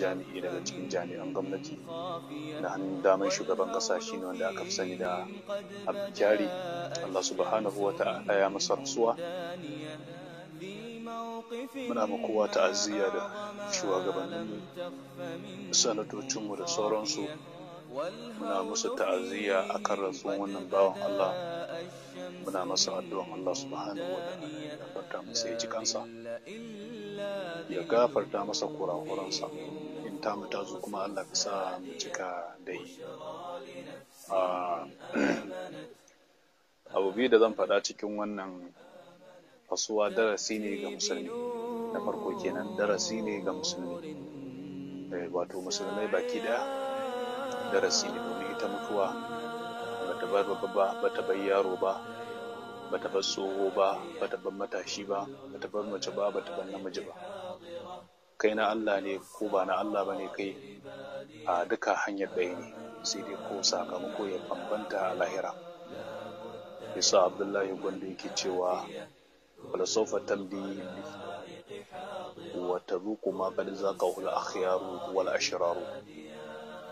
jami'i daga cikin jami'an gwamnati da hannun damar shugaban kasa shine wanda aka fi sani da abjari Allah subhanahu wa ta'ala ya masa rasuwa muna ma kowa ta'aziyya da shugabannin sanatocinmu da sauransu muna musu ta'aziyya akan rasuwan wannan bawan Allah muna masa addu'an Allah subhanahu wa ta'ala ya tabbata masa ya ji kansa ya gafarta masa kurakuransa in ta mu tazo kuma Allah ya sa mu cika dai ah, abu biyu da zan faɗa cikin wannan fasuwa darasi ne ga musulmi na farko kenan darasi ne ga musulmi eh, wato musulmai baki da darasi ne domin ita mutuwa bata bar ba ta bai yaro ba bata bar tsoho ba bata bar matashi ba bata bar mace ba bata bar namiji ba kai na Allah ne ko ba na Allah ba ne kai a duka hanyar ɗaya ne sai dai ko sakamako ya bambanta a lahira yasa abdullahi gwanda yake cewa falasofa tamdi wata zuku ma kad zaka hula akhyaru wal ashraru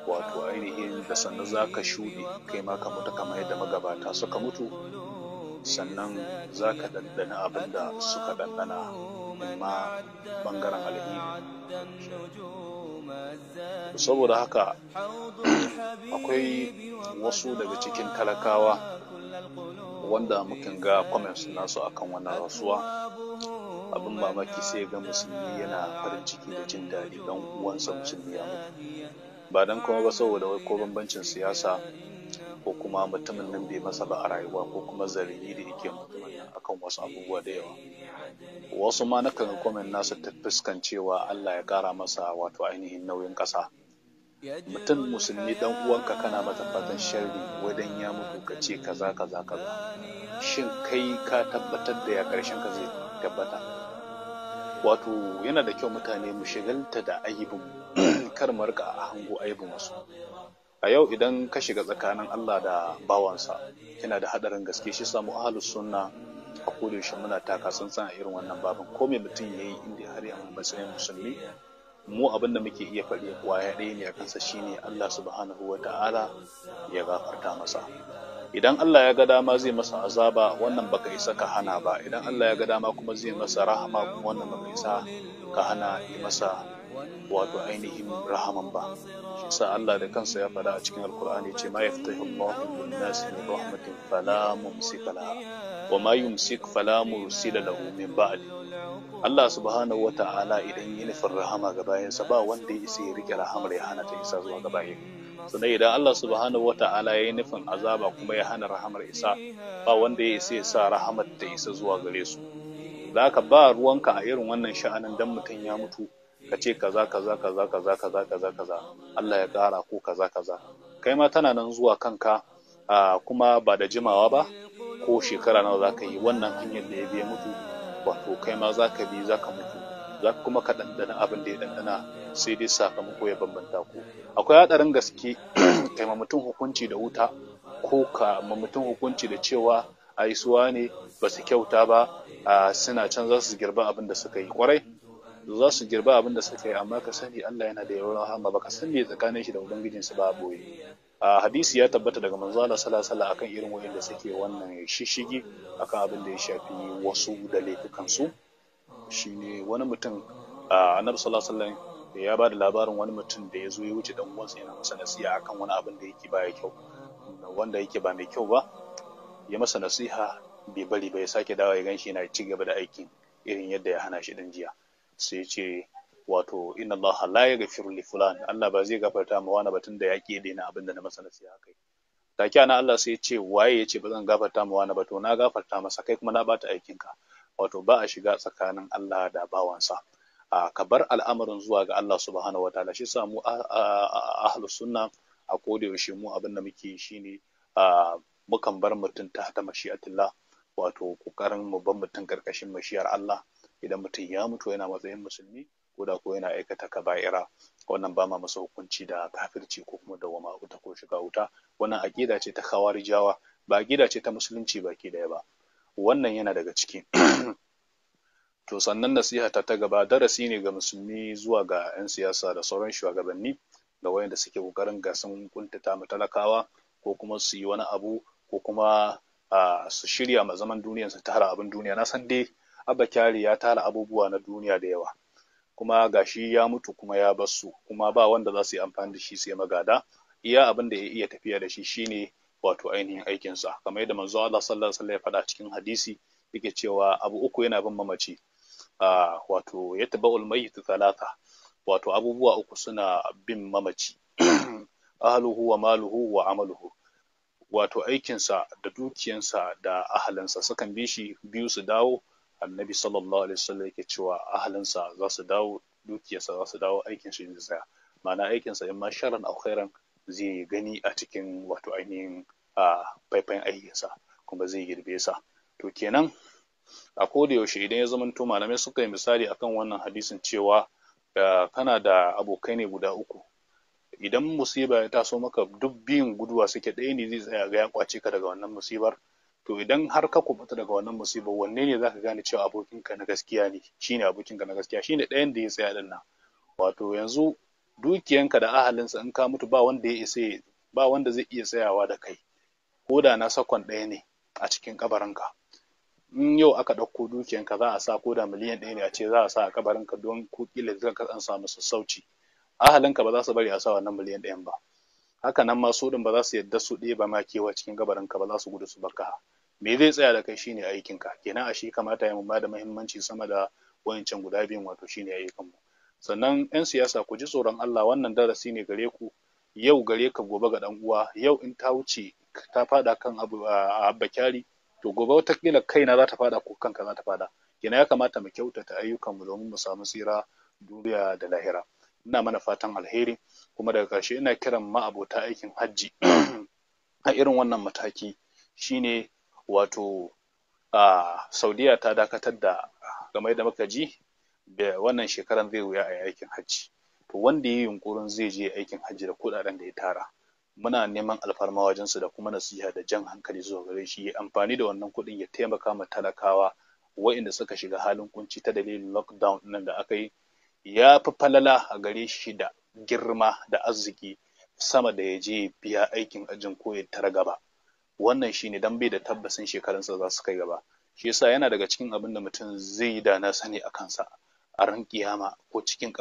wato ainihin da sannan zaka shuɗe kai ma ka mutu kamar yadda magabata suka mutu sannan za ka dandana abin da suka ɗanɗana amma bangaren alheri saboda haka akwai wasu daga cikin talakawa wanda muka ga comments nasu kan wannan rasuwa abin mamaki sai ga musulmi yana farin ciki da jin daɗi don uwansa musulmi ya mutu ba don kuma ba saboda wai ko bambancin siyasa ko kuma mutumin nan bai masa ba a rayuwa ko kuma zargi da yake mutumin nan akan wasu abubuwa da yawa wasu ma nakan komen nasu ta fuskan cewa Allah ya kara masa wato ainihin nauyin kasa mutum musulmi dan uwanka kana mata fatan sharri wadan ya mutu ka ce kaza kaza kaza shin kai ka tabbatar da ya karshen ka zai tabbata wato yana da kyau mutane mu shigalta da aibin kar mu rika a hango aibin wasu a yau idan ka shiga tsakanin Allah da bawansa yana da hadarin gaske shi samu ahalus sunna a kodayaushe muna taka tsantsan a irin wannan babin ko me mutum ya yi inda har ya matsayin musulmi mu abinda muke iya faɗi ya ɗaya ne a kansa shine Allah subhanahu wa ta'ala ya gafarta masa idan Allah ya ga dama zai masa azaba wannan baka isa ka hana ba idan Allah ya ga dama kuma zai masa rahama wannan baka isa ka hana ya masa wato ainihin rahaman ba sa Allah da kansa ya faɗa a cikin alkur'ani ce ma yaftahu Allahu lin-nas min rahmatin fala mumsika laha wa ma yumsik fala mursila lahu min ba'di Allah subhanahu wata'ala idan yi nufin rahama ga bayansa ba wanda ya isa ya rike rahamar ya hana ta isa zuwa ga bayan sannan idan Allah subhanahu wata'ala ya yi nufin azaba kuma ya hana rahamar isa ba wanda ya isa ya sa rahamar ta isa zuwa gare su da ba ruwanka a irin wannan sha'anin dan mutum ya mutu ka ce kaza kaza kaza kaza kaza kaza kaza Allah ya ƙara ko kaza kaza kai ma tana nan zuwa kanka kuma ba da jimawa ba ko shekara nawa za ka yi wannan hanyar da ya biya mutu wato kai ma za ka bi za ka mutu za ka kuma ka ɗanɗana abin da ya ɗanɗana sai dai sakamako ya bambanta ku akwai haɗarin gaske kai ma mutum hukunci da wuta ko ka ma mutum hukunci da cewa a aisuwa ne ba su kyauta ba suna can za su girba abin da suka yi kwarai za su girba abin da suka yi amma ka sani Allah yana da yawan rahama baka san me tsakanin shi da ubangijin su ba boye a hadisi ya tabbata daga manzo Allah sallallahu alaihi akan irin wayanda suke wannan shishigi akan abin da ya shafi wasu da laifukan su shine wani mutum a annabi sallallahu alaihi wasallam ya bada labarin wani mutum da ya zo ya wuce dan uwansa yana masa nasiha akan wani abin da yake baya kyau wanda yake ba mai kyau ba ya masa nasiha bai bari ba ya sake dawo ya ganshi yana ci gaba da aikin irin yadda ya hana shi dan jiya sai ce wato inna Allah la yaghfiru li fulan Allah ba zai gafarta ma wani batun da ya kede na abin da na masa nasiha kai take ana Allah sai ce waye ya ce ba zan gafarta ma wani ba to na gafarta masa kai kuma na bata aikin ka wato ba a shiga tsakanin Allah da bawansa a ka bar al'amarin zuwa ga Allah subhanahu wataala shi samu ahlus sunna a koda yaushe mu abin da muke shine mukan bar mutum ta ta mashi'atillah wato kokarin mu bar mutum karkashin mashiyar Allah idan mutum ya mutu yana matsayin musulmi ko da ko yana aikata kaba'ira wannan ba ma masa hukunci da kafirci ko kuma wama wuta ko shiga wuta wannan aƙida ce ta khawarijawa ba aƙida ce ta musulunci baki daya ba wannan yana daga ciki to sannan nasiha ta ta gaba darasi ne ga musulmi zuwa ga 'yan siyasa da sauran shugabanni da wayanda suke kokarin gasan kuntata mu talakawa ko kuma su yi wani abu ko kuma su shirya ma zaman duniyar su tara abin duniya na san dai abba kyari ya tara abubuwa na duniya da yawa kuma gashi ya mutu kuma ya bar kuma ba wanda za su yi amfani da shi sai magada iya abin da ya iya tafiya da shi shine wato ainihin aikinsa kamar yadda manzo Allah sallallahu alaihi wasallam ya faɗa cikin hadisi yake cewa abu uku yana bin mamaci wato ya taba'ul ta talata, wato abubuwa uku suna bin mamaci ahluhu wa maluhu wa amaluhu wato aikinsa da dukiyansa da ahalinsa sukan bi shi biyu su dawo annabi sallallahu alaihi wasallam yake cewa ahalinsa za su dawo dukiyarsa za su dawo aikin shi zai tsaya ma'ana aikinsa sa ma sharan au khairan zai gani a cikin wato ainihin aikin aikinsa kuma zai girbe sa to kenan a koda yaushe idan ya zama to malamai suka yi misali akan wannan hadisin cewa kana da abokai ne guda uku idan musiba ya taso maka duk biyun guduwa suke ɗaya ne zai tsaya ga ya kwace ka daga wannan musibar to idan har ka kubuta daga wannan musibar wanne ne zaka gane cewa abokinka na gaskiya ne shine abokinka na gaskiya shine ɗayan da ya tsaya din nan wato yanzu dukiyanka da ahalinsa in ka mutu ba wanda ya isa ba wanda zai iya tsayawa da kai ko da na sakon ɗaya ne a cikin kabarinka in yau aka ɗauko dukiyanka za a sa ko da miliyan ɗaya ne a ce za a sa a kabarinka don ko kila zaka ka samu sassauci ahalinka ba za su bari a sa wannan miliyan ɗayan ba haka nan masu ba za su yadda su ɗeba ma kewa cikin gabarin ka ba za su gudu su baka me zai tsaya da kai shine aikin ka kenan ashe kamata ya mu ba da muhimmanci sama da wayancan guda biyun wato shine ayyukan mu sannan yan siyasa ku ji tsoron Allah wannan darasi ne gare ku yau gare ka gobe ga dan uwa yau in ta wuce ta fada kan abu abba kyari to gobe wata kila kaina za ta fada ko kanka za ta fada kenan ya kamata mu kyautata ayyukan mu domin mu samu tsira duniya da lahira ina mana fatan alheri kuma daga ƙarshe ina kiran ma'abota aikin hajji a irin wannan mataki shine wato a saudiya ta dakatar da game da muka ji da wannan shekaran zai wuya a aikin hajji to wanda ya yi yunkurin zai je aikin hajji da kuɗaɗen da ya tara muna neman alfarma wajensu da kuma nasiha da jan hankali zuwa gare shi amfani da wannan kuɗin ya taimaka ma talakawa waɗanda suka shiga halin kunci ta dalilin lockdown nan da aka yi ya fi falala a gare shi da girma da arziki sama da ya je biya aikin ajin ko ya tara gaba wannan ne don bai da tabbasin shekarunsa za su kai gaba shi yasa yana daga cikin abin da mutum zai yi da na sani a kansa a ran kiyama ko cikin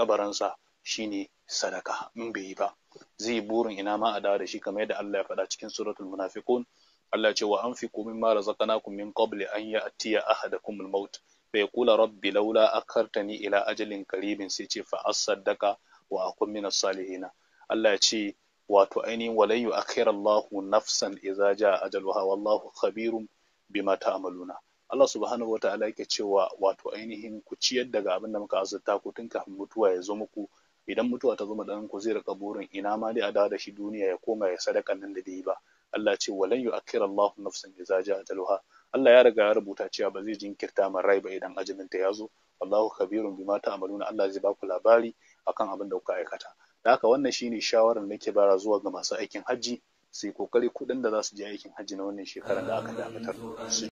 shi ne sadaka in bai yi ba zai yi burin ina ma a dawo da shi kamar yadda Allah ya faɗa cikin suratul munafiqun Allah ce wa anfiqu mimma razaqnakum min qabli an ya'tiya ahadakum al-maut fa yaqula rabbi laula akhartani ila ajalin qaribin sai ce fa as-saddaqa wa akun min salihina Allah ya ce wato ainihin walayyu akhirallahu nafsan idza jaa ajaluha wallahu khabirum bima ta'maluna Allah subhanahu ta'ala yake cewa wato ainihin ku ciyar daga abin da muka azurta ku tun kafin mutuwa ya zo muku idan mutuwa ta zama dan ku zai rika burin ina ma dai a dawo da shi duniya ya koma ya sadaka nan da dai ba Allah ce walan yu'akhirallahu nafsan idza jaa ajaluha Allah ya riga ya rubuta cewa ba zai jinkirta man rai ba idan ajalin ta ya zo wallahu khabirun bima ta'maluna Allah zai ba ku labari akan abin da kuka aikata da haka wannan shine shawarar da ke bara zuwa ga masu aikin hajji su yi kokari kuɗin da za su je aikin hajji na wannan shekarar da aka dakatar su